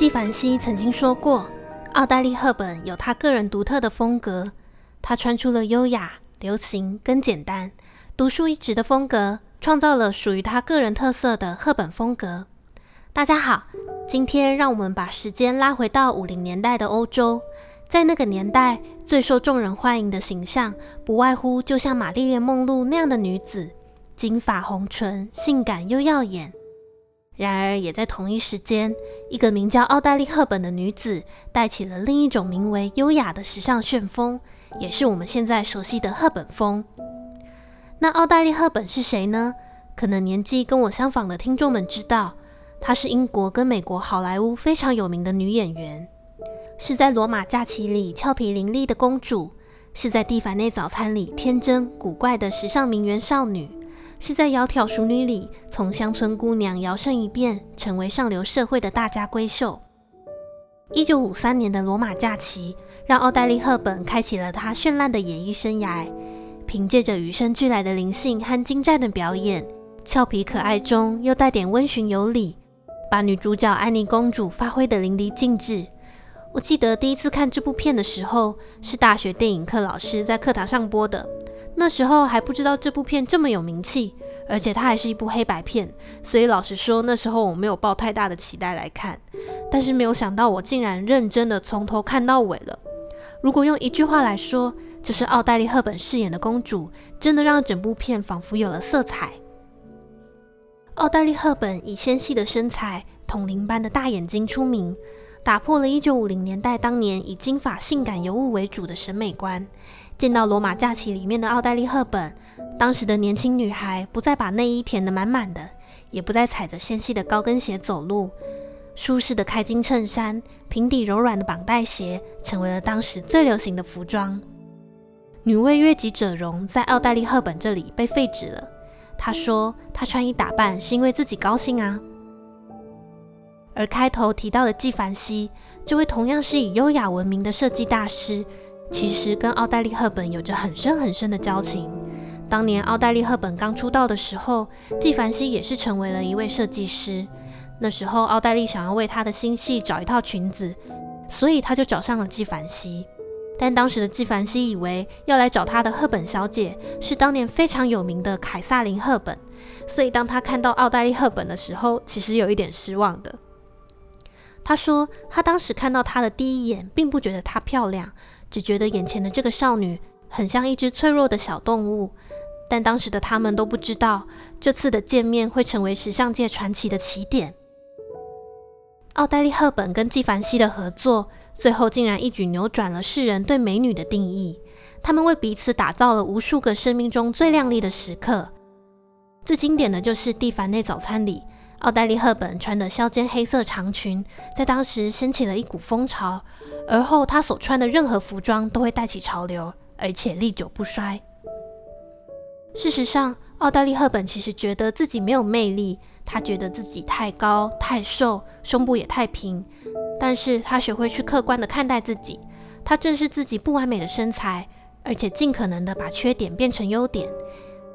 紀梵希曾經說過，奧黛麗·赫本有她個人獨特的風格，她穿出了優雅、流行跟簡單、獨樹一幟的風格，創造了屬於她個人特色的赫本風格。大家好，今天讓我們把時間拉回到五零年代的歐洲，在那個年代最受眾人歡迎的形象，不外乎就像瑪麗蓮·夢露那樣的女子，金髮紅唇，性感又耀眼。然而，也在同一時間，一個名叫奧黛麗·赫本的女子帶起了另一種名為“優雅”的時尚旋風，也是我們現在熟悉的赫本風。那奧黛麗·赫本是誰呢？可能年紀跟我相仿的聽眾們知道，她是英國跟美國好萊塢非常有名的女演員，是在《羅馬假期》裡俏皮伶俐的公主，是在《蒂凡內早餐》裡天真古怪的時尚名媛少女。是在《窈窕淑女》裡，從鄉村姑娘搖身一變成為上流社會的大家閨秀。一九五三年的羅馬假期，讓奧黛麗·赫本開啟了她絢爛的演藝生涯，憑借着與生俱來的靈性和精湛的表演，俏皮可愛中又帶點溫馴有禮，把女主角安妮公主發揮得淋漓盡致。我記得第一次看這部片的時候，是大學電影課老師在課堂上播的。那時候還不知道這部片這麼有名氣，而且它還是一部黑白片，所以老實說，那時候我沒有抱太大的期待來看。但是沒有想到，我竟然認真的從頭看到尾了。如果用一句話來說，就是奧黛麗·赫本飾演的公主真的讓整部片仿佛有了色彩。奧黛麗·赫本以纖細的身材、銅鈴般的大眼睛出名。打破了1950年代當年以金髮性感尤物為主的審美觀。見到《羅馬假期》裡面的奧黛麗·赫本，當時的年輕女孩不再把內衣填得滿滿的，也不再踩着纖細的高跟鞋走路，舒適的開襟襯衫、平底柔軟的綁帶鞋成為了當時最流行的服裝。女為悅己者容，在奧黛麗·赫本這裡被廢止了。她說：“她穿衣打扮是因為自己高興啊。”而開頭提到的紀梵希，這位同樣是以優雅聞名的設計大師，其實跟奧黛麗·赫本有着很深很深的交情。當年奧黛麗·赫本剛出道的時候，紀梵希也是成為了一位設計師。那時候奧黛麗想要為她的新戲找一套裙子，所以她就找上了紀梵希。但當時的紀梵希以為要來找她的赫本小姐是當年非常有名的凱撒琳·赫本，所以當她看到奧黛麗·赫本的時候，其實有一點失望的。他說，他當時看到她的第一眼，並不覺得她漂亮，只覺得眼前的這個少女很像一隻脆弱的小動物。但當時的他們都不知道，這次的見面會成為時尚界傳奇的起點。奧黛麗·赫本跟紀梵希的合作，最後竟然一舉扭轉了世人對美女的定義。他們為彼此打造了無數個生命中最亮麗的時刻，最經典的就是《蒂凡內早餐》裡。奧黛麗·赫本穿的削肩黑色長裙，在當時掀起了一股風潮。而後她所穿的任何服裝都會帶起潮流，而且歷久不衰。事實上，奧黛麗·赫本其實覺得自己沒有魅力，她覺得自己太高、太瘦，胸部也太平。但是她學會去客觀的看待自己，她正視自己不完美的身材，而且盡可能的把缺點變成優點。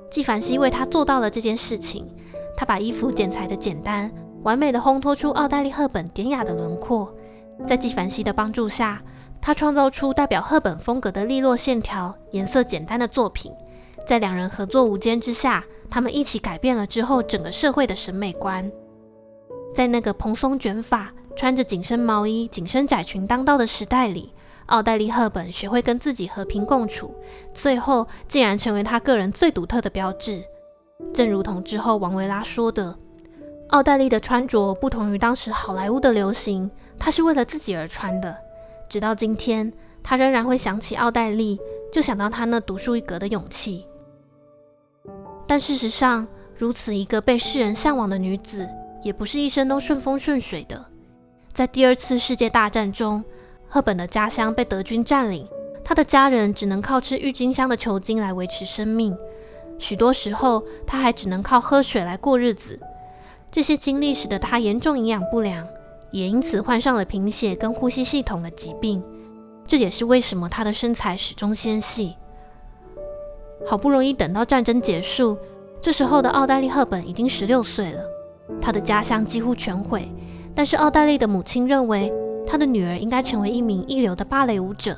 紀梵希為她做到了這件事情。他把衣服剪裁的簡單，完美的烘托出奧黛麗·赫本典雅的輪廓。在紀梵希的幫助下，他創造出代表赫本風格的利落線條、顏色簡單的作品。在兩人合作無間之下，他們一起改變了之後整個社會的審美觀。在那個蓬鬆捲髮、穿着緊身毛衣、緊身窄裙當道的時代裡，奧黛麗·赫本學會跟自己和平共處，最後竟然成為她個人最獨特的標誌。正如同之後王維拉說的，奧黛麗的穿着不同於當時好萊塢的流行，她是為了自己而穿的。直到今天，她仍然會想起奧黛麗，就想到她那獨樹一格的勇氣。但事實上，如此一個被世人嚮往的女子，也不是一生都順風順水的。在第二次世界大戰中，赫本的家鄉被德軍佔領，她的家人只能靠吃鬱金香的球莖來維持生命。許多時候，他還只能靠喝水來過日子。這些經歷使得他嚴重營養不良，也因此患上了貧血跟呼吸系統的疾病。這也是為什麼他的身材始終纖細。好不容易等到戰爭結束，這時候的奧黛麗·赫本已經十六歲了。她的家鄉幾乎全毀，但是奧黛麗的母親認為她的女兒應該成為一名一流的芭蕾舞者，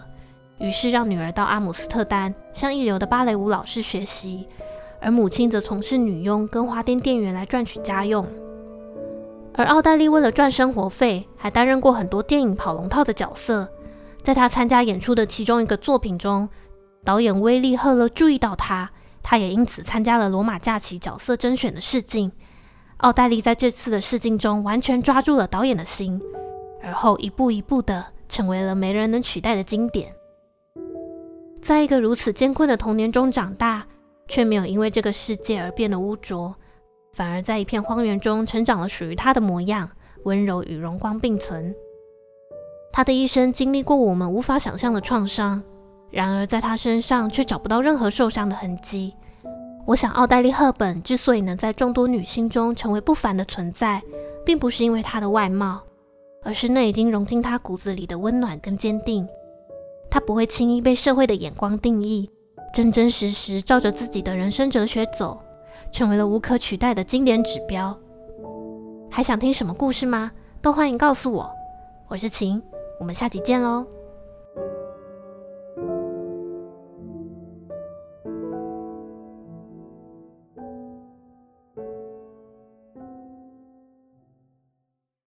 於是讓女兒到阿姆斯特丹向一流的芭蕾舞老師學習。而母親則從事女傭跟花店店員來賺取家用，而奧黛麗為了賺生活費，還擔任過很多電影跑龍套的角色。在她參加演出的其中一個作品中，導演威利·赫勒注意到她，她也因此參加了《羅馬假期》角色甄選的試鏡。奧黛麗在這次的試鏡中完全抓住了導演的心，而後一步一步的成為了沒人能取代的經典。在一個如此艱困的童年中長大。卻沒有因為這個世界而變得污濁，反而在一片荒原中成長了屬於她的模樣，溫柔與榮光並存。她的一生經歷過我們無法想象的創傷，然而在她身上卻找不到任何受傷的痕迹。我想，奧黛麗·赫本之所以能在眾多女星中成為不凡的存在，並不是因為她的外貌，而是那已經融進她骨子裡的溫暖跟堅定。她不會輕易被社會的眼光定義。真真實實照着自己的人生哲學走，成為了無可取代的經典指標。還想聽什麼故事嗎？都歡迎告訴我。我是晴，我們下期見嘍。